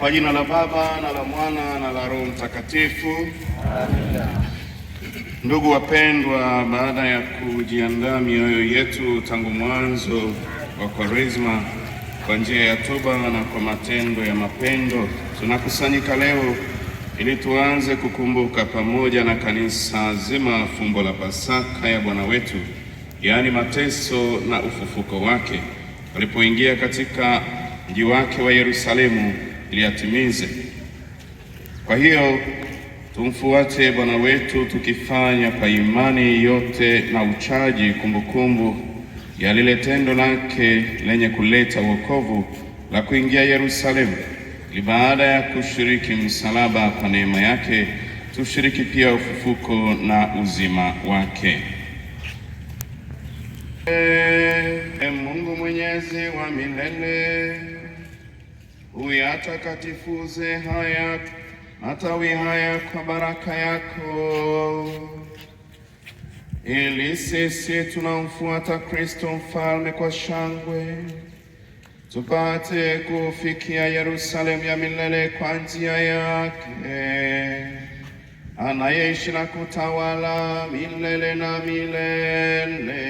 Kwa jina la Baba na la Mwana na la Roho Mtakatifu, amina. Ndugu wapendwa, baada ya kujiandaa mioyo yetu tangu mwanzo wa Kwaresma kwa njia ya toba na kwa matendo ya mapendo, tunakusanyika leo ili tuanze kukumbuka pamoja na kanisa zima fumbo la Pasaka ya Bwana wetu, yaani mateso na ufufuko wake, alipoingia katika mji wake wa Yerusalemu ili atimize. Kwa hiyo tumfuate Bwana wetu tukifanya kwa imani yote na uchaji kumbukumbu ya lile tendo lake lenye kuleta wokovu la kuingia Yerusalemu, ili baada ya kushiriki msalaba kwa neema yake tushiriki pia ufufuko na uzima wake. E, Mungu Mwenyezi wa milele uyatakatifuze haya matawi haya kwa baraka yako, ili sisi tunamfuata Kristo mfalme kwa shangwe tupate kufikia Yerusalemu ya milele kwa njia yake anayeishi na kutawala milele na milele.